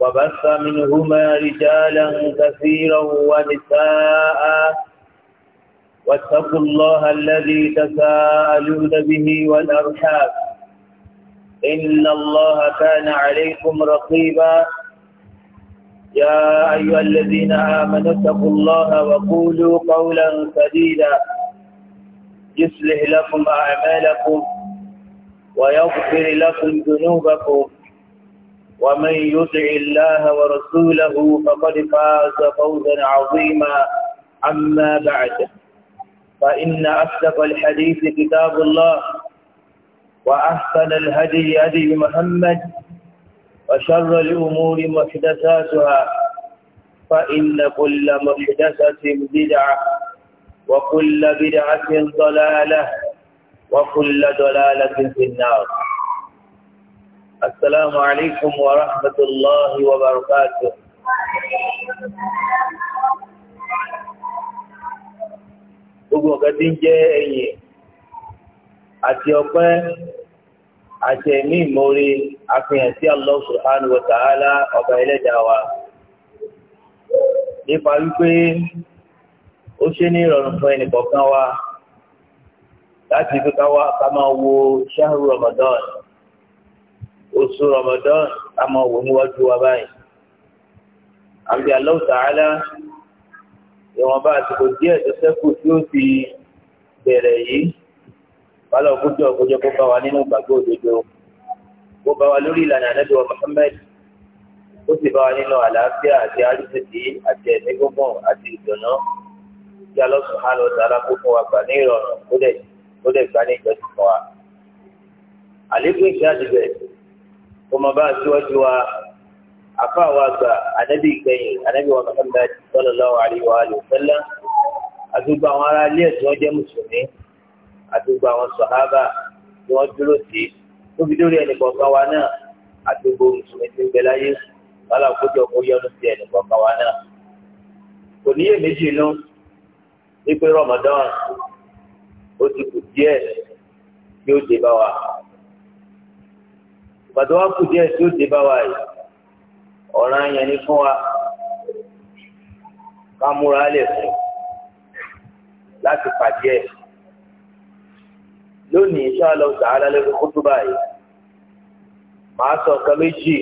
وبث منهما رجالا كثيرا ونساء واتقوا الله الذي تساءلون به والأرحاب إن الله كان عليكم رقيبا يا أيها الذين آمنوا اتقوا الله وقولوا قولا سديدا يصلح لكم أعمالكم ويغفر لكم ذنوبكم ومن يطع الله ورسوله فقد فاز فوزا عظيما أما بعد فإن أصدق الحديث كتاب الله وأحسن الهدي هدي محمد وشر الأمور محدثاتها فإن كل محدثة بدعة وكل بدعة ضلالة وكل ضلالة في النار السلام عليكم ورحمة الله وبركاته gbogbo nǹkan tí ń jẹ́ ẹ̀yìn àti ọpẹ́ àti ẹ̀mí ìmoore àfihàn sí Allah subhanahu ta'ala ọba ẹlẹ́dàá wa nípa wípé ó ṣe ní ìrọ̀rùn fún ẹnìkọ̀ọ̀kan wa láti fi ká máa wo oṣù Ramadan a máa wò níwájú wa báyìí àbí Allahu Ta'ala ìwọ̀nba àsìkò díẹ̀ tó ṣẹ́kù tí ó fi bẹ̀rẹ̀ yìí wàhálà òkújọ òkújọ kó bá wa nínú gbàgbọ́ òdodo kó bá wa lórí ìlànà ànábì wa Muhammad ó sì bá wa nínú àlàáfíà àti àríṣèṣì àti ẹ̀mí gbọ́ngàn àti ìdùnnú kí Allah subhanahu kó fún wa gbà ní ìrọ̀rùn ó dẹ̀ gbà ní ìjọsìn kuma ba síwájú wa afáwa gba anabi kẹyìn anabi wa muhammad sallallahu alayhi wa alayhi wa sallam àdúgbò àwọn ará ilé ẹ̀ tí wọ́n jẹ́ mùsùlùmí àdúgbò àwọn sọ̀hábà tí wọ́n dúró sí tó fi dórí ẹnì kọ̀ọ̀kan wa náà àdúgbò mùsùlùmí ti ń bẹ láyé wàhálà kójọ kó yọnu sí ẹnì kọ̀ọ̀kan wa náà. kò níyè méjì inú wípé ramadan ó ti kù díẹ̀ tí ó dé bá wa pàtó wá kù díẹ̀ tí ó dé bá wa yìí ọ̀ràn yẹn ni fún wa ká múra lẹ̀ fún láti pàdé ẹ̀ lónìí inshallah ọ̀sà alálẹ́kùn kútúbà yìí màá sọ nǹkan méjì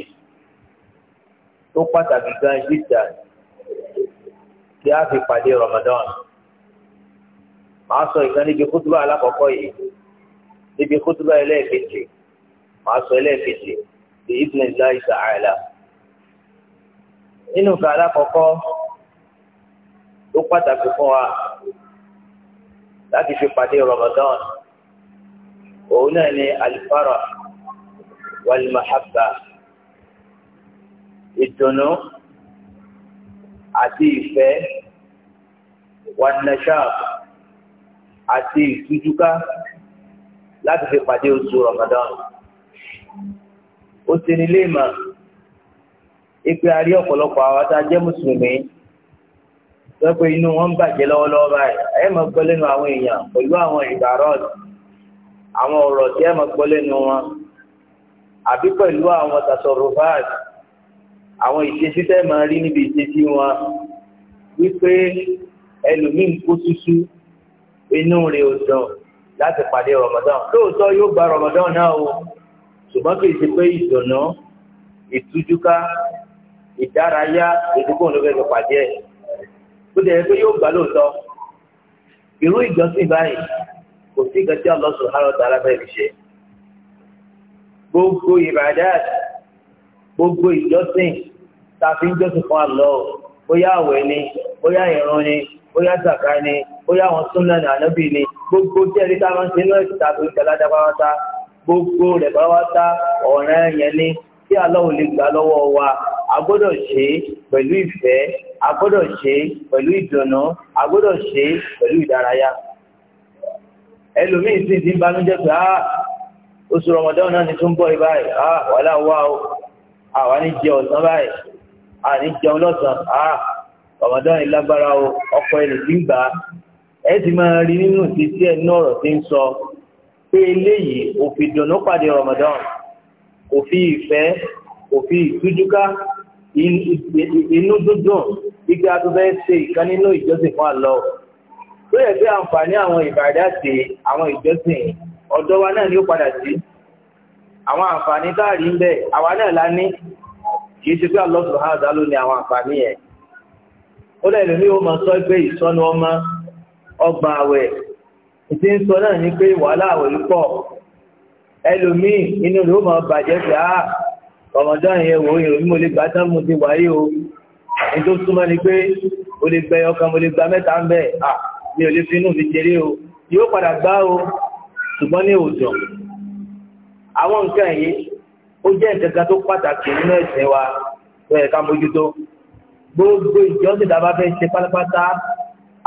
tó pàtàkì gan jíjà tí a fi pàdé Ramadan màá sọ ìkan níbi kútúbà alákọ̀ọ́kọ́ yìí níbi kútúbà ẹlẹ́ẹ̀kejì màá sọ ẹlẹ́ẹ̀kejì bí ibùdó ìlà ìsàáìlà nínú nǹkan alákọ̀ọ́kọ́ tó pàtàkì fún wa láti fi pàdé Ramadan òun náà ni alifara wàlmàhábà ìdùnnú àti ìfẹ́ wànàṣàb àti ìtújúká láti fi pàdé oṣù Ramadan ó ti ní léèmà ipe a rí ọ̀pọ̀lọpọ̀ àwọn tá a jẹ́ mùsùlùmí lọ́pọ̀ inú wọn ń bàjẹ́ lọ́wọ́lọ́wọ́ báyìí ẹ máa gbọ́ lẹ́nu àwọn èèyàn pẹ̀lú àwọn ìgbàrọ́ọ̀dì àwọn ọ̀rọ̀ tí ẹ máa gbọ́ lẹ́nu wọn àbí pẹ̀lú àwọn tasọ̀rọ̀fáàdì àwọn ìṣesí tẹ́ máa rí níbi ìṣesí wọn wípé ẹlòmíín kó tútú inú rẹ̀ ò dàn láti pàdé Ramadan lóòótọ́ yóò gba Ramadan náà o ṣùgbọ́n kì í ṣe pé ìdùnnú ìtújúká ìdárayá ìdúgbò ló fẹ́ fi pàdé ẹ̀ tó dẹ̀ pé yóò gbà lóòótọ́ irú ìjọsìn báyìí kò sí nǹkan tí Allah subhanahu wa ta'ala fẹ́ fi ṣe gbogbo ìbàdàn gbogbo ìjọsìn tá a fi ń jọ́sìn fún Allah bóyá àwẹ̀ ni bóyá ìrun ni bóyá sàkà ni bóyá àwọn súnmọ́ ní ànábì ni gbogbo tí ẹni tá a máa ń ṣe náà ti ta àbí ìjọba dábàá wá sá gbogbo rẹ̀ bá wá tá ọ̀ràn yẹn ni tí aláwo lè gbà lọ́wọ́ wa a gbọ́dọ̀ ṣe é pẹ̀lú ìfẹ́ a gbọ́dọ̀ ṣe é pẹ̀lú ìdùnnú a gbọ́dọ̀ ṣe é pẹ̀lú ìdárayá. ẹlòmíín sì ti ń banújẹ́ pé a oṣù rọmọdán náà ni tó ń bọ̀ yìí báyìí a wàhálà wà o àwa ní jẹ ọ̀sán báyìí a ní jẹun lọ́sàn a rọmọdán yìí lágbára o ọkọ ẹlòmíín gbà ẹ ti máa rí nínú ìṣesí ẹ̀ ní ọ̀rọ̀ tí ń sọ pé eléyìí ó fi pàdé Ramadan ó fi ìfẹ́ ó fi ìtújúká inú dúdùn igi adúbẹ́ ṣe ìkan nínú ìjọsìn fún àlọ́ tó yẹ pé àǹfààní àwọn ìbàdí àti àwọn ìjọsìn ọ̀dọ́ wa náà ni ó padà sí àwọn àǹfààní táàrí ń bẹ àwa náà la ní kì í ṣe pé Allah subhanahu wa ta'ala ló ní àwọn àǹfààní yẹn ó lẹ́nu mi ó máa sọ pé ìsọnù ọmọ ọgbà àwẹ̀ ìtí ń sọ náà ní pé wàhálà àwẹ̀lú pọ̀ ẹlòmíì inú ló máa bàjẹ́ pé á ah, ọmọdán yẹn wò yẹn mi mo lè gbà tán mo ti wáyé o ní tó súnmọ́ ni pé mo lè gbẹ ọkàn mo lè gba mẹ́ta ń bẹ̀ à ah, mi ò lè fi inú mi ṣeré o yóò padà gbá o ṣùgbọ́n ní òòjọ́ àwọn nǹkan yìí ó jẹ́ nǹkan tó pàtàkì nínú ẹ̀sìn wa tó yẹ gbogbo ìjọ́sìn tá a bá fẹ́ ṣe pátápátá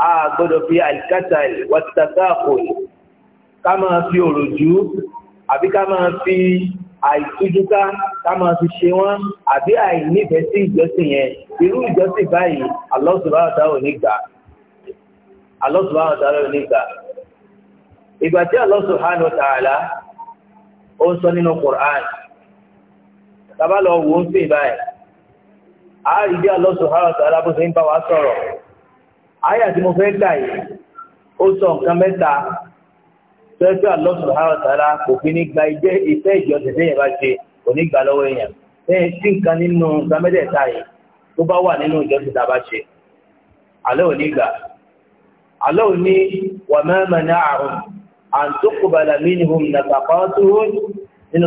a gbọ́dọ̀ fi àìkátà wàtàtàkò ká máa fi òròjú àbí ká máa fi àìtójúká ká máa fi ṣe wọ́n àbí àìnífẹ̀ẹ́ sí ìjọsìn yẹn irú ìjọsìn báyìí Allah subhanahu wa ta'ala ní ta'ala ní gbà ìgbà tí Allah subhanahu ó ń sọ nínú Qur'an tàbá lọ wò ó ń sìn báyìí àárí bí Allah subhanahu ta'ala bó ṣe ń bá wa sọ̀rọ̀ àyà tí mo fẹ́ gbà yìí ó sọ nǹkan mẹ́ta tẹ́tẹ́ Allah subhanahu wa ta'ala kò fi ní gba ìjẹ́ ìfẹ́ ìjọsìn tẹ́yìn bá ṣe kò ní gbà lọ́wọ́ èèyàn tẹ́yìn tí nǹkan nínú nǹkan mẹ́tẹ̀ẹ̀ta yìí tó bá wà nínú ìjọsìn tá bá ṣe Allah ò ní gbà Allah ò ní wa ma mana'ahum an tuqbala minhum nafaqatuhum ni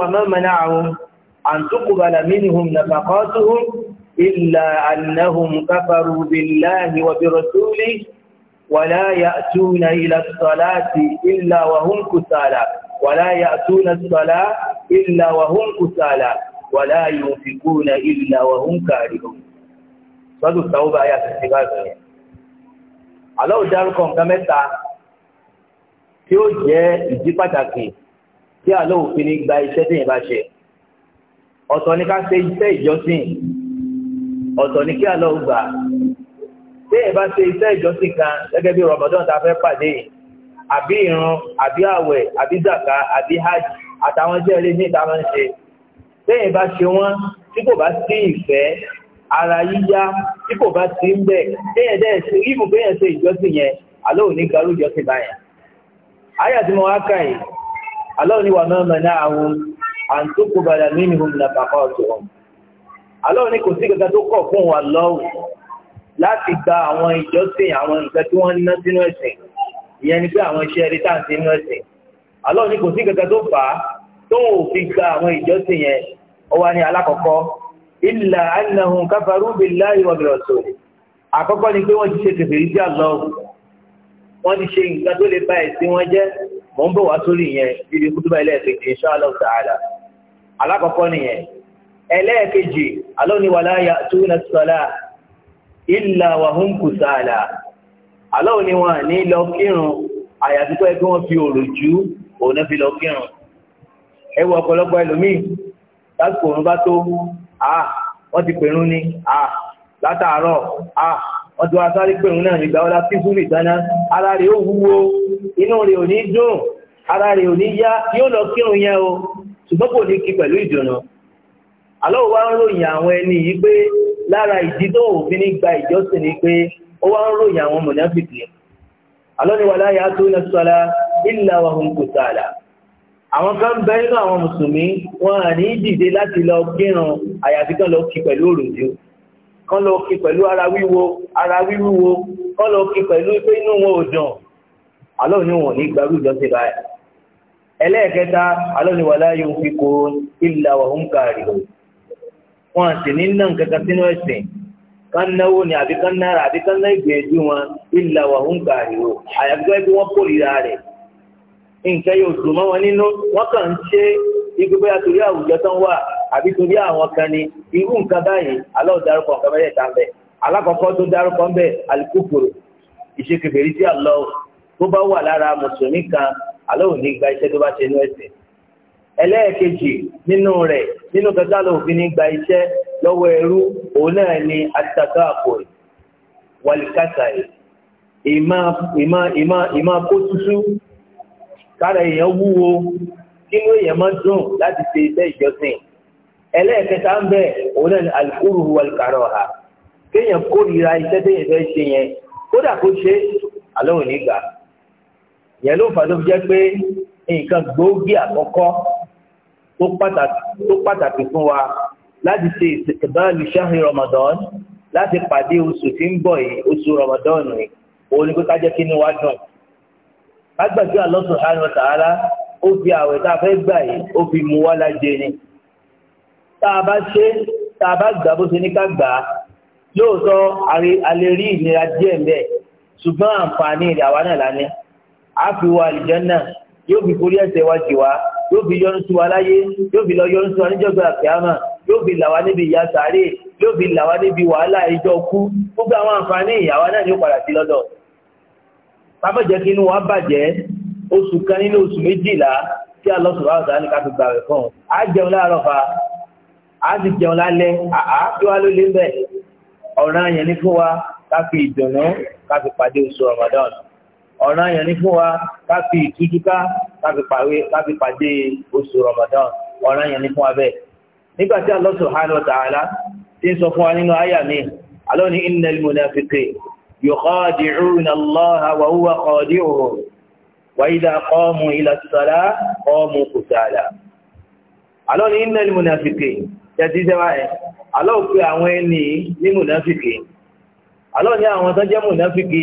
wa ma mana'ahum an tuqbala minhum إلا أنهم كفروا بالله وبرسوله ولا يأتون إلى الصلاة إلا وهم كسالى ولا يأتون الصلاة إلا وهم كسالى ولا ينفقون إلا وهم كارهون sọ́dù tàwọ́bà ayé àtẹ̀síkà ìbẹ̀rẹ̀ aláwọ̀ dárúkọ nǹkan mẹ́ta tí ó jẹ́ ìdí pàtàkì tí aláwọ̀ fi ní gba iṣẹ́ tí yìí bá ṣe ọ̀tọ̀ ní ká ṣe iṣẹ́ ọ̀tọ̀ ní kí àlọ́ gbà tí ẹ bá ṣe iṣẹ́ ìjọsìn kan gẹ́gẹ́ bí Ramadan ta fẹ́ pàdé àbí irun àbí àwẹ̀ àbí zaka àbí hajj àtàwọn iṣẹ́ eré ní ìta máa ń ṣe tí ẹ bá ṣe wọ́n tí kò bá sí ìfẹ́ ara yíyá tí kò bá sí ń bẹ̀ kéèyàn dẹ́ ṣe ìmú kéèyàn ṣe ìjọsìn yẹn àlọ́ òní garú ìjọsìn báyẹn. àyà tí mo wá kà yìí àlọ́ òní wà mọ́ alọ́ ní kò sí kankan tó kọ̀ fún wa lọ́wọ́ láti gba àwọn ìjọsìn àwọn nǹkan tí wọ́n ná sínú ẹ̀sìn ìyẹn ni pé àwọn iṣẹ́ rí táǹtì nínú ẹ̀sìn alọ́ ní kò sí kankan tó fà á tóun ò fi gba àwọn ìjọsìn yẹn ó wá ní alákọ̀ọ́kọ́ illa annahum kafaru billahi wa bi rasuli àkọ́kọ́ ni pé wọ́n ti ṣe kèfèrí sí àlọ́ wọ́n ti ṣe nǹkan tó lè ba ẹ̀sìn wọn jẹ́ mọ̀ ń bọ̀ wá sórí yẹn bíbi kútúbà ilé ẹ̀sìn kì í ṣọ́ àlọ́ ẹlẹ́ẹ̀kejì alóníwàláyà túnà sọ́lá ìlà wàhún kùsàlà alóníwà ní lọ kírun àyàfi pé kí wọ́n fi òròjú òun fi lọ kírun ẹ wo ọ̀pọ̀lọpọ̀ ẹlòmíì lásìkò òun bá tó à wọ́n ti pèrún ni à látàárọ̀ à wọ́n ti wá sáré pèrún náà nígbà ọlá fífúrì ìdáná ara rẹ̀ ó wúwo inú rẹ̀ ò ní dùn ara rẹ̀ ò ní yá yóò lọ kírun yẹn o ṣùgbọ́n kò ní kí pẹ̀lú ìdùnnú aláwọ̀ wá ń ròyìn àwọn ẹni yìí pé lára ìdí tó òfin ní gba ìjọsìn ni pé ó wá ń ròyìn àwọn mọ̀nàfìkì alọ́ni wà láyé àtúntò náà sọ́lá ìlà wàhùn kò sàlà àwọn kan bẹ nínú àwọn mùsùlùmí wọn à ní dìde láti lọ kírun àyàfi kan lọ kí pẹ̀lú òròjú kan lọ kí pẹ̀lú ara wíwo ara wíwúwo kan lọ kí pẹ̀lú pé inú wọn ò dùn alọ́ni wọn ní gbarú ìjọsìn báyìí ẹlẹ́ẹ̀kẹta alọ́ni wà láyé òfin kò ìlà wàhùn kàrí lòdì wọn sì ní nà kankan sínú ẹ̀sìn kán náwó ni àbí kán náírà àbí kán náà ìgbìyànjú wọn ìlà wàhùn gàríwò àyàfi kọ́ ẹbí wọn kórìíra rẹ̀ nǹkan yóò dùn mọ́ wọn nínú wọ́n kàn ń ṣe ibi bóyá torí àwùjọ tán wà àbí torí àwọn kan ni irú nǹkan báyìí aláwọ̀ dárúkọ nǹkan mẹ́rẹ̀ tán bẹ̀ alákọ̀ọ́kọ́ tó dárúkọ ń bẹ̀ alikúfòrò ìṣe kèfèrí sí àlọ́ tó bá wà lára mùsùlùmí kan aláwọ̀ ní gba iṣẹ́ tó bá ṣe inú ẹ̀sìn ẹlẹ́ẹ̀kejì nínú rẹ̀ nínú kẹtàlá òfin ní gba iṣẹ́ lọ́wọ́ ẹrú òun náà ni àtàkà àpò wàlíkàtà ìmá ìmá ìmá ìmá kó tútú kára èèyàn wúwo kínú èèyàn máa dùn láti ṣe iṣẹ́ ìjọsìn ẹlẹ́ẹ̀kẹta ń bẹ̀ òun náà ni alukóru wàlíkàrọ̀ ọ̀hà kéèyàn kórìíra iṣẹ́ téèyàn fẹ́ ṣe yẹn kódà kó ṣe àlọ́ òní gbà yẹn ló fà tó pàtàkì fún wa láti ṣe ìsìnkìbáàlì ṣáhìn Ramadan láti pàdé oṣù tí ń bọ̀ yìí oṣù Ramadan yìí òun ni pé ká jẹ́ kí ni wá dùn. lágbàdo Allah subhanahu wa ó fi àwẹ̀ tá a fẹ́ gbà yìí ó fi mú wá lájẹ ni. tá a bá ṣe tá a bá gbà bó ṣe ní ká gbà á lóòótọ́ alẹ́ rí ìnira díẹ̀ mbẹ́ ṣùgbọ́n àǹfààní ìdàwá náà lá a fi wọ àlìjẹ́ náà yóò fi forí ẹ̀ṣẹ̀ wá jì wá yóò fi yọ́nú sí wa láyé yóò fi lọ yọ́nú sí wa níjọba kíámà yóò fi là wá níbi ìyà sáré yóò fi là wá níbi wàhálà ìjọ kú gbogbo àwọn àǹfààní ìyàwó náà ni ó padà sí lọ́dọ̀ kámẹ́jẹ́ kí inú wa bàjẹ́ oṣù kan nínú oṣù méjìlá tí a lọ sọ̀rọ̀ àwọn sàánì ká fi gbà rẹ̀ fún un á jẹun láàárọ̀ fa á sì jẹun lálẹ́ àá kí wá ló lé bẹ́ẹ̀ ọ̀ràn yẹn ní fún wa ká fi ìdùnnú ká fi pàdé oṣù Ramadan ọ̀ràn yẹn ni fún wa ká fi ìtújú ká ká fi pàwé ká fi pàdé oṣù Ramadan ọ̀ràn yẹn ni fún wa bẹ́ẹ̀. nígbà tí Allah subhanahu wa ta'ala ti ń sọ fún wa nínú àyà mi alọ́ ni innal munafiqin yukhadi'una Allaha wa huwa khadi'uhum wa idha qamu ila as-salah qamu kusala. alọ́ ni innal munafiqin tẹ̀síṣẹ́ wa ẹ̀ alọ́ òfin àlọ́ ní àwọn tó jẹ́ mùnáfíkì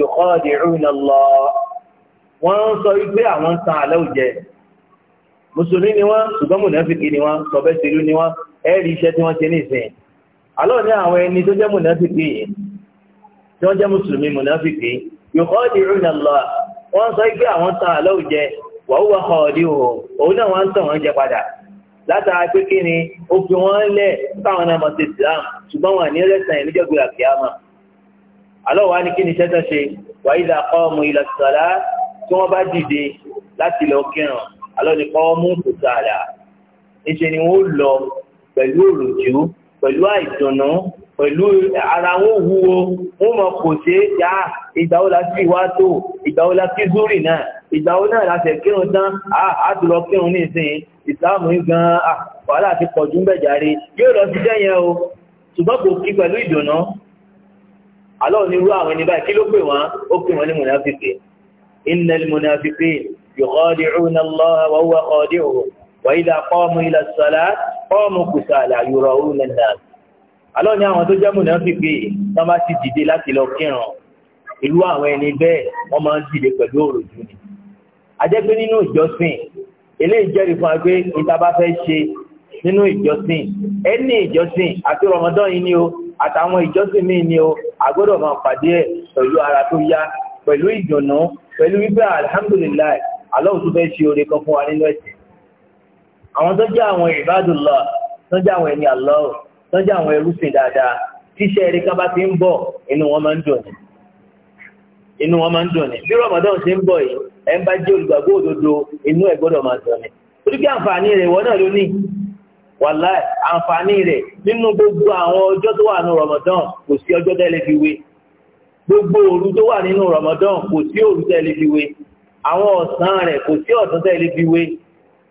yukhadi'una Allah wọ́n ń sọ wípé àwọn ń tan àlẹ́ òjẹ́ mùsùlùmí ni wọ́n ṣùgbọ́n mùnáfíkì ni wọ́n sọ̀bẹ́ sílú ni wọ́n ẹ̀rí iṣẹ́ tí wọ́n ṣe nísìn àlọ́ ní àwọn ẹni tó jẹ́ mùnáfíkì tí wọ́n jẹ́ mùsùlùmí mùnáfíkì yukhadi'una Allah wọ́n sọ wípé àwọn tan àlẹ́ òjẹ́ wa huwa khadi'uhum òun náà wọ́n tàn wọ́n jẹ padà látara pé kí ni ó fi wọ́n lẹ̀ táwọn náà mọ̀ sí Islam ṣùgbọ́n wọn ní rẹ̀sán ìníjọ́gbé àkíyàmọ́ alọ́ wa ni kí ni sẹ́tọ̀ ṣe wa idha qamu ila salat tí wọ́n bá dìde láti lọ kírun alọ́ ni qamu kusala níṣẹ́ ni wọ́n lọ pẹ̀lú òròjú pẹ̀lú àìdùnnú pẹ̀lú ara wọn wúwo wọn mọ̀ kò ṣe é yá ìgbàwó láti ìwá tó ìgbàwó láti zúrì náà ìgbàwó náà láti kírun tán àtùlọ kírun ní ìsìn ìsìláàmù gan wàhálà ti pọ̀jù ń bẹ̀járe yóò lọ sí jẹ́yẹn o ṣùgbọ́n kò kí pẹ̀lú ìdùnnú alọ́ ní irú àwọn ẹni báyìí kí ló pè wọ́n ó pè wọ́n ní mùnàfíkì innal munafiqin yukhadi'una Allaha wa huwa khadi'uhum wa idha qamu ila as-salati qamu kusala yura'una an-nas alọ́ ní àwọn tó jẹ́ mùnàfíkì tán bá ti dìde láti lọ kírun irú àwọn ẹni bẹ́ẹ̀ wọ́n máa ń dìde pẹ̀lú òròjú ni ajẹ́pé nínú ìjọsìn eléyìí jẹ́rìí fún wa pé ìta bá fẹ́ ṣe nínú ìjọsìn ẹni ìjọsìn àti rọmọdán yìí ni o àtàwọn ìjọsìn míì ni o àgbọ́dọ̀ máa pàdé ẹ̀ pẹ̀lú ara tó yá pẹ̀lú ìdùnnú pẹ̀lú wípé alhamdulilayi aláwọ̀ tó fẹ́ ṣe oore kan fún wa nínú ẹ̀sìn àwọn tó jẹ́ àwọn ìbádùlọ tó jẹ́ àwọn ẹni àlọ́ tó jẹ́ àwọn ẹrúsìn dáadáa tíṣẹ́ eré ká bá ti ń bọ̀ inú wọn máa ń dùn ní inú wọn máa ń dùn ní bí Ramadan ṣe ń bọ̀ yìí ẹ̀ ń bá jẹ́ olùgbàgbọ́ òdodo inú ẹ̀ gbọ́dọ̀ máa dùn ní torí kí àǹfààní rẹ̀ wọ́n náà ló wàláì àǹfààní rẹ̀ nínú gbogbo àwọn ọjọ́ tó wà nínú Ramadan kò sí ọjọ́ tẹ́lẹ̀ fi wé gbogbo òru tó wà nínú Ramadan kò sí òru tẹ́lẹ̀ fi wé àwọn ọ̀sán rẹ̀ kò sí ọ̀sán tẹ́lẹ̀ fi wé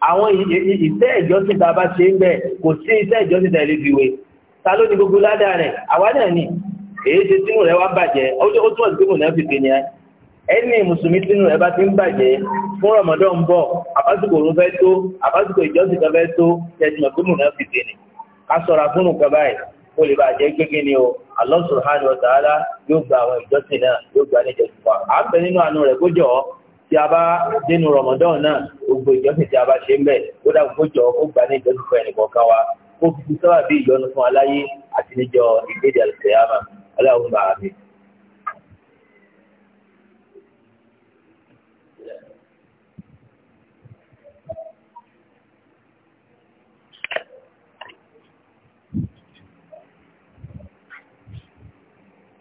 àwọn iṣẹ́ ìjọsìn tá a bá ṣe ń bẹ̀ kò sí iṣẹ́ ìjọsìn tẹ́lẹ̀ fi wé ta ló ní gbogbo ládàá rẹ̀ àwa náà ni èyí ṣe sínú rẹ̀ wá bàjẹ́ ó túmọ̀ sí pé mò ń fi kéèyàn ẹni mùsùlùmí sínú rẹ̀ bá ti ń bàjẹ́ fún Ramadan ń bọ̀ àbásìkò òun fẹ́ tó àbásìkò ìjọsìn kan fẹ́ tó tẹsán gbóhùn náà fi dènì ká ṣọ́ra fún nǹkan báyìí kó lè bàjẹ́ gbégé ni o Allah subhanahu wa ta'ala yóò gba àwọn ìjọsìn náà yóò gba ní ìjọsìn wa a ń bẹ nínú àánú rẹ̀ kójọ tí a bá dénú Ramadan náà gbogbo ìjọsìn tí a bá ṣe ń bẹ kó dà kójọ ó gba ní ìjọsìn fún ẹnì kọ̀ọ̀kan wa ó fi sábà bí ìyọnu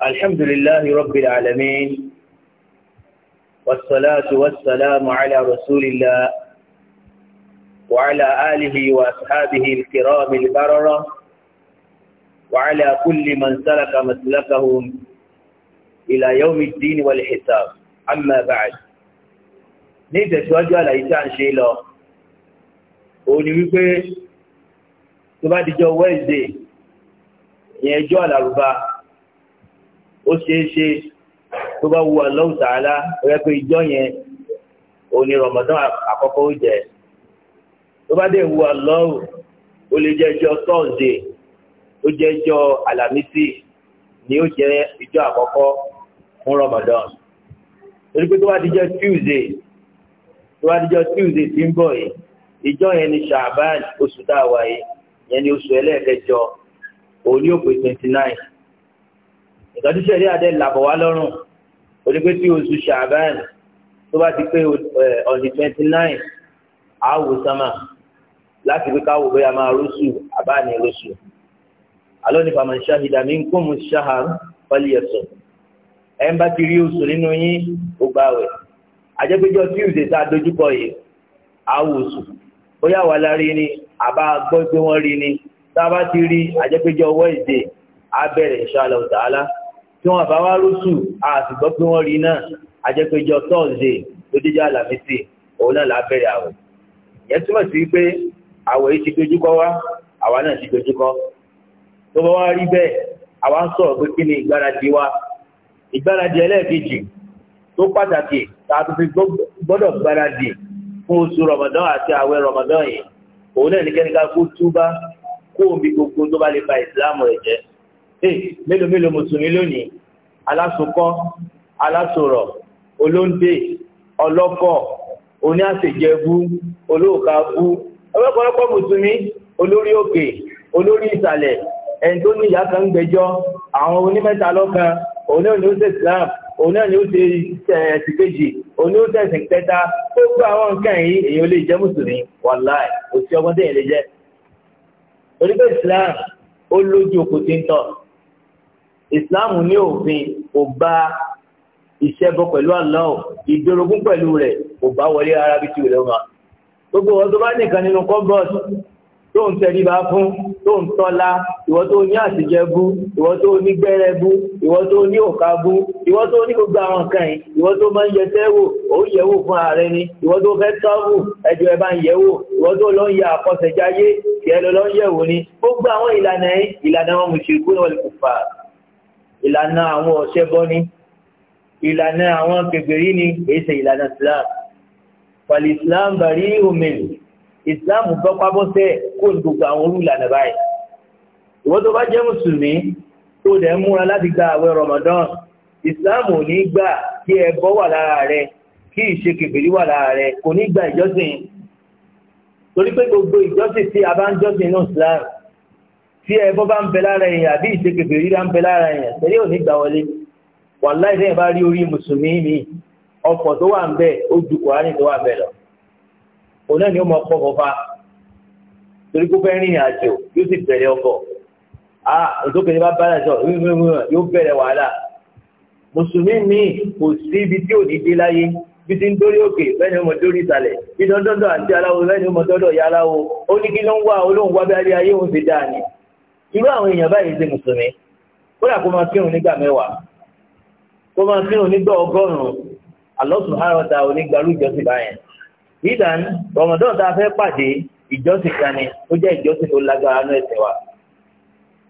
الحمد لله رب العالمين والصلاة والسلام على رسول الله وعلى آله وأصحابه الكرام البررة وعلى كل من سلك مسلكهم إلى يوم الدين والحساب أما بعد نيجي تواجه على إنسان شيء له ونبقى تبعد جو ويزدي يجو على الرباح ó ṣeé ṣe tó bá wu Allahu Ta'ala rẹ pé ìjọ yẹn òní Ramadan àkọ́kọ́ ó jẹ tó bá dé wu Allahu ó lè jẹ́ ẹjọ́ Thursday ó jẹ́ ẹjọ́ Alamisi ni ó jẹ́ ìjọ àkọ́kọ́ fún Ramadan torí pé tó bá dijọ́ Tuesday tó bá dijọ́ Tuesday tí ń bọ̀ yìí ìjọ yẹn ni Sha'ban oṣù tá a wáyé yẹn ni oṣù ẹlẹ́ẹ̀kẹjọ òní ó twenty nine nǹkan tí sẹ́rí adé làbọ̀ wá lọ́rùn onígbé tí oṣù ṣàbán tó bá ti pé on twenty nine àwò sánmà láti pé káwò bóyá máa rọ́ṣù àbá ní rọ́ṣù alọ́ ní faman shahida minkum ash-shahr falyasum ẹ̀ ń bá ti rí oṣù nínú yín ó gbà wẹ̀ àjẹpẹ́jọ́ tuesday tá a dojúkọ yìí àwò oṣù bóyá wà lárí ni àbá gbọ́ pé wọ́n rí ni tá a bá ti rí àjẹpẹ́jọ́ wednesday á bẹ̀rẹ̀ insha tí wọ́n bá wá rúṣù àtìgbọ́ pé wọ́n rí náà àjẹpẹjọ tọ́ọ̀sì tó dídá òun náà lábẹ́rẹ́ àwẹ̀ ìyẹn túmọ̀ sí pé àwẹ̀ yìí ti dojú wá àwa náà ti dojú tó bá wá rí bẹ́ẹ̀ àwa ń sọ̀rọ̀ pé kí ni ìgbáradì wa ìgbáradì ẹlẹ́ẹ̀kejì tó pàtàkì tá a fi gbọ́dọ̀ gbáradì fún oṣù rọmọdán àti àwẹ̀ rọmọdán yìí òun náà ní kẹ́ni ká kó túbá kó omi gbogbo tó ba ìsìlámù rẹ̀ ẹ mélòó mélòó mùsùlùmí lónìí alásokọ́ alásòrọ̀ olóńdè ọlọ́kọ̀ oní àṣejẹ̀bú olóòkàbú ọlọ́pọ̀lọpọ̀ mùsùlùmí olórí òkè olórí ìsàlẹ̀ ẹni tó ní ìyá kan ń gbẹjọ́ àwọn onímẹ́ta lọ́kan òun náà ni ó ṣe Islam òun náà ni ó ṣe ẹ̀sìn kejì òun ni ó tẹ̀sìn kẹta tó gbọ́ àwọn nǹkan yìí èyàn lè jẹ́ mùsùlùmí wàláì kò ọmọdé yẹn lè jẹ́. onígbà Islam ó lójú òkú tí ń tọ̀ islam ní òfin kò bá ìṣẹ́bọ pẹ̀lú Allah ìdorogún pẹ̀lú rẹ̀ kò bá wọlé ara bí ti rẹ̀ wọn. gbogbo wọn tó bá nìkan nínú kọ́bọ̀tì tó ń tẹríba fún tó ń tọ́lá ìwọ tó ní àtijẹ́ bú ìwọ tó ní gbẹ́rẹ́ bú ìwọ tó ní òka bú ìwọ tó ní gbogbo àwọn nǹkan yìí ìwọ tó máa ń yẹ sẹ́wò ó yẹ wò fún ààrẹ ni ìwọ tó fẹ́ tọ́wù ẹjọ́ ẹ bá ń yẹ wò ìwọ tó lọ ń yẹ àkọsẹ̀jáyé kí ẹ lọ lọ ń yẹ̀wò ni gbogbo àwọn ìlànà ìlànà wọn mùsùlùmí ìlànà àwọn ọ̀ṣẹ́bọ ni ìlànà àwọn kèfèrí ni èyí ṣe ìlànà islam pàlì islam bàrí omèlì islam bọ́pábọ́sẹ̀ kó ní gbogbo àwọn orú ìlànà báyìí ìwọ́n tó bá jẹ́ mùsùlùmí tó dẹ̀ ń múra láti gba àwẹ̀ ramadan islam ò ní gbà kí ẹbọ wà lára rẹ kí ìṣe kèfèrí wà lára rẹ kò ní gba ìjọsìn torí pé gbogbo ìjọsìn tí a bá ń jọsìn ní islam tí ẹbọ bá ń bẹ lára èèyàn àbí ìṣekèfè ríra ń bẹ lára èèyàn tẹ́lẹ̀ ò ní gbà wọlé wàláì lẹ́yìn bá rí orí mùsùlùmí mi ọkọ̀ tó wà ń bẹ̀ ó ju kùránì tó wà ń bẹ̀ lọ òun náà ni ó mọ ọkọ̀ fọfá torí kó fẹ́ rìnrìn àjò yóò sì bẹ̀rẹ̀ ọkọ̀ a ìdókè ní bá bá láṣọ yóò bẹ̀rẹ̀ wàhálà mùsùlùmí mi kò sí ibi tí ò ní dé láyé bí ti ń dórí òkè bẹ́ẹ̀ ni ó mọ dórí ìsàlẹ̀ bí dandandan àti aláwo bẹ́ẹ̀ ni ó mọ dandan ìyá aláwo ó ní kí ló ń wá olóhùn wá bí ayé òun ti dáa ni irú àwọn èèyàn báyìí ṣe mùsùlùmí kódà kó máa kírun nígbà mẹ́wàá kó máa kírun nígbà ọgọ́rùn-ún Allah subhanahu wa ta'ala onígbàlú ìjọsìn báyẹn ìdán rọmọdún tá a fẹ́ pàdé ìjọsìn kan ni ó jẹ́ ìjọsìn tó lágbára ní ẹsẹ̀ wa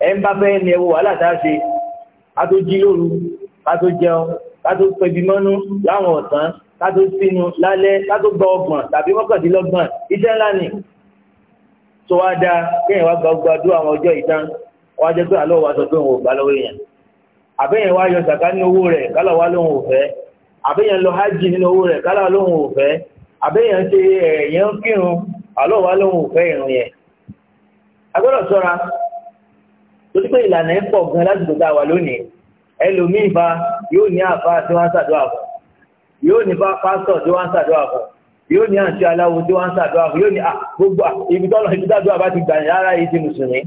ẹ ń bá fẹ́ ni ẹ wo wàhálà tá a ṣe ká tó jí lóru ká tó jẹun ká tó pẹbi mọ́nú láwọn ọ̀sán ká tó sínú lálẹ́ ká tó gbọ́ ọgbọ̀n tàbí mọ́kàndínlọ́gbọ̀n iṣẹ́ ńlá ni tó wá dá kéèyàn wá àwọn ọjọ́ ìtàn wá jẹ́ pé àlọ́ wa sọ pé òun ò gbà èèyàn àbẹ́yẹn wá yọ sàká ní owó rẹ̀ kálọ̀ wá lóhun ò fẹ́ àbẹ́yẹn lọ hajj nínú owó rẹ̀ kálọ̀ lóhun ò fẹ́ àbẹ́yẹn ṣe ń kírun àlọ́ ò yẹn. sọ́ra wà yóò ní àti aláwo tí wọ́n ń sàdúrà fún yóò ní ah, gbogbo ibi tọ́lọ̀ ibi tọ́lọ̀ bá ti gbà rárá èyí ti mùsùlùmí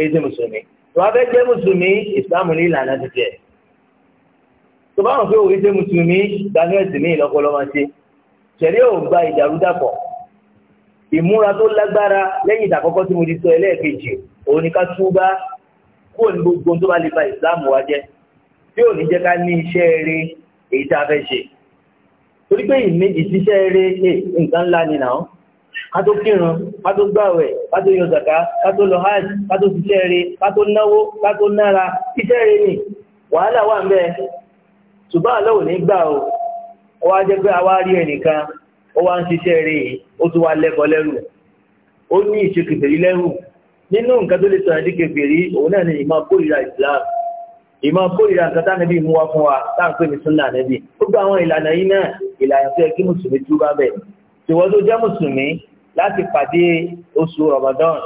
èyí ti mùsùlùmí tó bá fẹ́ jẹ́ mùsùlùmí ìsìlámù ní ìlànà ti jẹ́ tó bá wọn fẹ́ òwe ṣe mùsùlùmí daniel tìmí ìlọ́pọ̀lọ́ máa ṣe ṣẹ̀rí ò gba ìdàrúdàpọ̀ ìmúra tó lágbára lẹ́yìn ìdàkọ́kọ́ tí mo ti sọ ẹlẹ́ẹ̀kejì òun ni ká túbá kó ní gbogbo torí pé ìmí ìṣiṣẹ́ eré ẹ̀ eh, nǹkan ńlá ni náà ká to kírun ká to gbàwẹ̀ ká tó yọ zàká ká to lọ hajj ká tó ṣiṣẹ́ eré ká náwó ká nára ni wàhálà wà ń bẹ ṣùgbọ́n àlọ́ ní gbà o ó wá jẹ́ pé àwa rí ẹnìkan ó wá ń ṣiṣẹ́ eré yìí ó tún wá lẹ́kọ̀ọ́ lẹ́rù ó ní lẹ́rù ni ìmọ̀ kórìíra ìsìláàmù ìmọ̀ kórìíra nǹkan tánàbí mú wá fún wa táǹpé ní súnà nẹ́bí gbogbo àwọn ìlànà yìí náà ìlànà tó yẹ kí mùsùlùmí tú bá bẹ̀ tìwọ́n tó jẹ́ mùsùlùmí láti pàdé oṣù Ramadan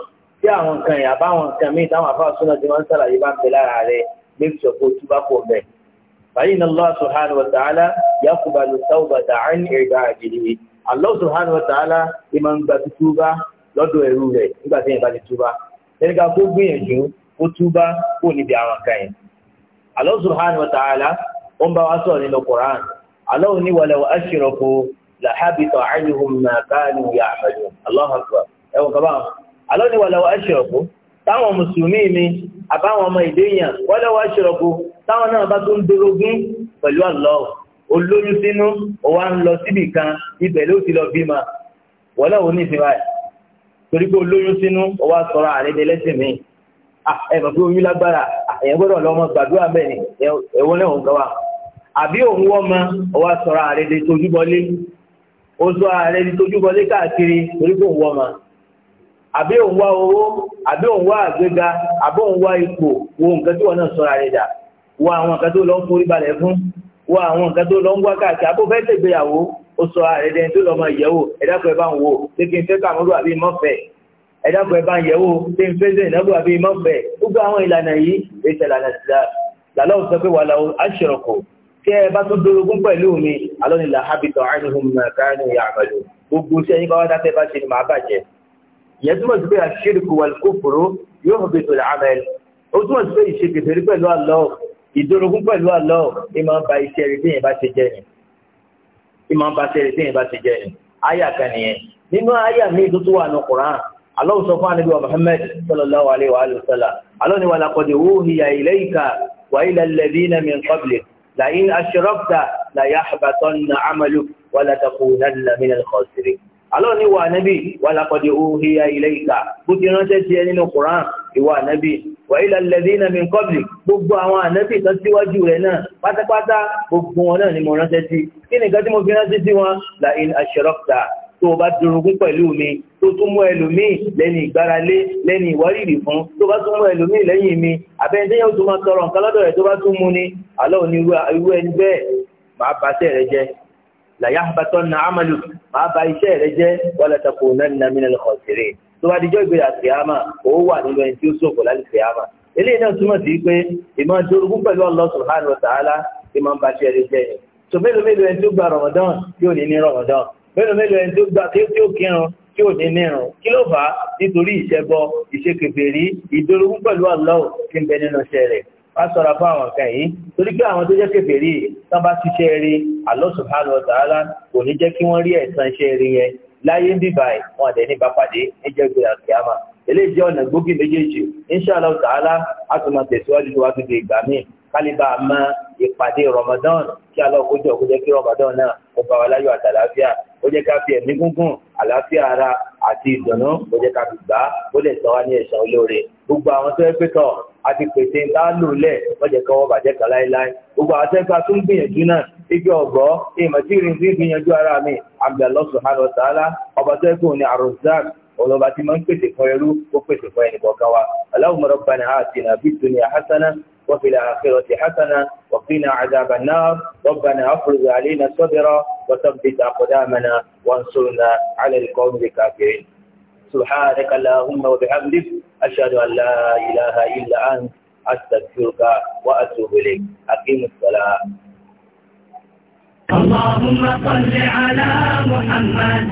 tí àwọn nǹkan yìí àbáwọn nǹkan míì táwọn afáà súnà tí wọ́n ń sàlàyé bá ń bẹ lára rẹ̀ make sure kó tú bá kó bẹ̀. báyìí ní Allah subhanahu wa ta'ala yakubalu tawbata an irda ajilihi Allah subhanahu wa ta'ala ìmọ̀ ń gba túbá Allah subhanahu wa ta'ala ó ń bá wa sọ̀rọ̀ nínú Quran Allah ní wàlẹ̀ wà ashraku la habita anhum ma kanu ya'malun Allahu akbar ẹ̀wọ̀n kaba Allah ní wàlẹ̀ wà ashraku táwọn mùsùlùmí mi àbáwọn ọmọ ìdéyàn wàlẹ̀ wà ashraku táwọn náà bá tún dorogún pẹ̀lú Allah olóyún sínú ó wá ń lọ síbì kan ibẹ̀ ló ti lọ bímọ wọ́lẹ̀ òní ìsinmi torí pé olóyún sínú ó wá sọ̀rọ̀ ẹ̀mọ̀ pé oyún lágbára ẹ̀yẹ gbọ́dọ̀ lọ́mọ gbàdúrà bẹ́ẹ̀ ni ẹ̀wọ́n náà ń gbà wá. àbí òun wọ́n mọ ọwọ́ sọ̀rọ̀ ààrẹ di tojúbọlé ó sọ ààrẹ di tojúbọlé káàkiri torí kò wọ́n mọ. àbí òun wá owó àbí òun wá àgbéga àbí òun wá ipò wo nǹkan tí wọ́n náà sọ̀rọ̀ ààrẹ dà wo àwọn nǹkan tó lọ ń forí balẹ̀ fún wo àwọn nǹkan tó lọ ń wá káàkiri àbó fẹ́ẹ́ tẹ̀gbéyàwó ó sọ ààrẹ dẹni tó lọ́mọ ìyẹ́wò ẹ̀dá ẹ̀dàpọ̀ ẹ̀bá yẹ̀wò tí ń fẹ́sẹ̀ ìnáwó àbí ìmọ̀fẹ́ gbogbo àwọn ìlànà yìí ètò ìlànà ìlà làlọ́ sọ pé wàlà aṣọ̀rọ̀kọ̀ kí ẹ bá tó dorogún pẹ̀lú mi alọ́nìlà habitọ̀ àìníhùn mẹ́kánú yàmẹ̀lú gbogbo sí ẹyin báwá dáfẹ́ bá ṣe ni màá bàjẹ́ ìyẹn túmọ̀ sí pé àṣírìkù wà kófòrò yóò hàn bètò làmẹ́l ó túmọ̀ sí pé ìṣègbèfèrí pẹ̀lú àlọ́ ìdorogún pẹ̀lú ba iṣẹ́ rẹ̀ tí bá ṣe jẹ́ ni ìmọ̀ ba iṣẹ́ rẹ̀ tí bá ṣe jẹ́ ni áyà kan nìyẹn nínú áyà mi tó tún wà ní Kùránì Allah sọ fún ànábì wa Muhammad sallallahu alayhi wa sallam Allah ni wa laqad uhiya ilayka wa ila alladhina min qablik la in ashrakta la yahbatanna 'amaluk wa la takunanna min al-khasirin Allah ni wa ànábì wa laqad uhiya ilayka bó ti ránṣẹ́ tiẹ̀ nínú Quran ìwà ànábì wa ila alladhina min qablik gbogbo àwọn ànábì tó síwájú rẹ̀ náà pátápátá gbogbo wọn náà ni mo ránṣẹ́ sí kí nìkan tí mo fi ránṣẹ́ sí wọn la in ashrakta tó o bá dorogún pẹ̀lú mi tó tún mú ẹlòmíì lẹ́ni ìgbáralé lẹ́ni ìwárìrì fún tó bá tún mú ẹlòmíì lẹ́yìn mi àbẹ̀yẹ̀dẹ́yẹ̀ tó máa tọrọ nǹkan lọ́dọ̀ rẹ̀ tó bá tún mú ni àlọ́ òní irú ẹni bẹ́ẹ̀ máa bá tẹ̀ rẹ jẹ́ làyà àbátọ́ na amalu máa bá iṣẹ́ rẹ jẹ́ wàlẹ̀ tako nánà mí lẹ́nu ọ̀sẹ̀rẹ̀ tó bá dijọ́ ìgbéra kìáma òun wà nínú ẹni tí ó sòkò lálẹ́ kìáma eléyìí náà túmọ̀ sí pé ìmọ̀ dorogún pẹ̀lú Allah subhanahu wa ta'ala ìmọ̀ bá tẹ̀ rẹ jẹ́ tòmélòmélò ẹni tó gba Ramadan yóò ní ní Ramadan mélòó mélòó ẹni tó gba tí ó kírun tí ò ní nírun kí ló fà á nítorí ìṣẹ́gbọ́ ìṣekèfèrí ìdórogún pẹ̀lú àlọ́ọ̀ tí ń bẹ nínú iṣẹ́ rẹ̀ wá ṣọ́ra fún àwọn kan yìí torí pé àwọn tó jẹ́ kèfèrí tán bá ṣiṣẹ́ rí Allah subhanahu wa ta'ala kò ní jẹ́ kí wọ́n rí ẹ̀san iṣẹ́ rí yẹn láyé bíbáyìí wọn àdẹ̀ ní ìbápàdé níjẹ́ gbéra kíámà eléyìí jẹ́ ọ̀nà gbòógì méjèèjì inṣàlá ta'ala a tún máa tẹ̀síwájú tó wá tó di ìgbà míì kálíbà mọ ìpàdé ramadan kí alákòójọ kó jẹ́ kí ramadan náà kó bá wa láyọ̀ àtàlàáfíà ó jẹ́ ká fi ẹ̀mí gúngùn àlàáfíà ara àti ìdùnnú ó jẹ́ ká fi gbà á ó lè sọ wá ní ẹ̀san olóore gbogbo àwọn tó yẹ pé tọ̀ àti pèsè ń dálò lẹ̀ wọ́n jẹ́ kọ́wọ́ bàjẹ́ kan láéláé gbogbo àtẹ́gbà tó ń gbìyànjú náà igi ọ̀gbọ́ ìmọ̀tí ìrìn tí ń gbìyànjú ara mi àgbà Allah subhanahu wa ọba tó yẹ kó ọlọ́ba tí máa ń pèsè fún ẹrú ó pèsè fún ẹnì kọ̀ọ̀kan wa Allahumma rabbana atina fid dunya hasana wa fil akhirati hasana wa qina adhaban nar rabbana afrij alayna sabra wa thabbit aqdamana wansurna ala al-qawmi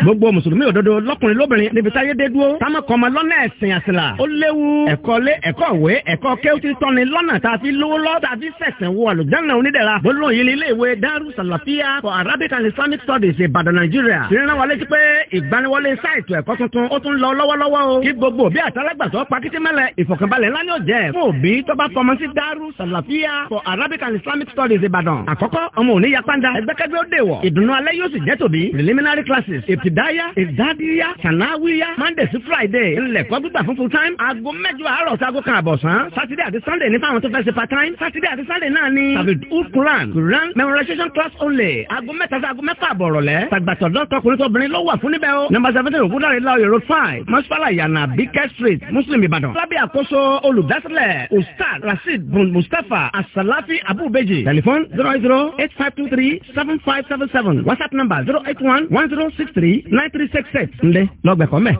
gbogbo mùsùlùmí òdodo lọkùnrin lóbìnrin níbi táyé dé dúró táwọn kan máa lọ́nà ẹ̀sìn àsìlà ó léwu ẹ̀kọ́ lé ẹ̀kọ́ ìwé ẹ̀kọ́ kéwùtì tọ́ni lọ́nà tàbí lówó lọ́ tàbí sẹ̀sẹ̀ wo àlùjáná onídẹ̀ra gbólóhùn yìí ní ilé ìwé Daru Salafia for Arabic and Islamic Studies Ìbàdàn Nàìjíríà ti rán wa létí pé ìgbaniwọlé sáìtù ẹ̀kọ́ tuntun ó tún lọ lọ́wọ́lọ́wọ́ o kí gbogbo bí àtàlágbàtọ́ pakitimẹ́lẹ̀ ìfọ̀kànbalẹ̀ ńlá ni ó jẹ́ fún òbí tó Daru Salafia for Arabic and Islamic Studies Ìbàdàn àkọ́kọ́ ọmọ òní yapanda ẹgbẹ́ kẹgbẹ́ ó dè wọ̀. ìdùnnú alẹ́ yóò sì jẹ́ tòbí. preliminary classes ìtìdáyà ìdádíyà sànáwíyà monday sí friday ńlẹ̀kọ́ gbígbà fún full time. aago mẹ́jọ àárọ̀ sago kan àbọ̀sán. saturday àti sunday ní fáwọn tó fẹ́ ṣe part time. saturday àti sunday náà ni. tàbí old quran quran memorization class only. aago mẹ́ta sí aago mẹ́fà àbọ̀rọ̀ lẹ̀. tàgbàtọ̀ dọ́tọkùnrin tóbìnrin ló wà fún níbẹ̀ o. number seventeen ògúndàrí láòyè road five mọ́sálà yànnà bíkẹ́ street muslim ìbàdàn. lábẹ́ àkóso olùdásílẹ̀ ustaz rasheed bun mustapha asalafi abubeji. tẹlifon zero eight zero eight five two three seven. 7577 WhatsApp number 081 1063 9368 ńlẹ́ mẹ́.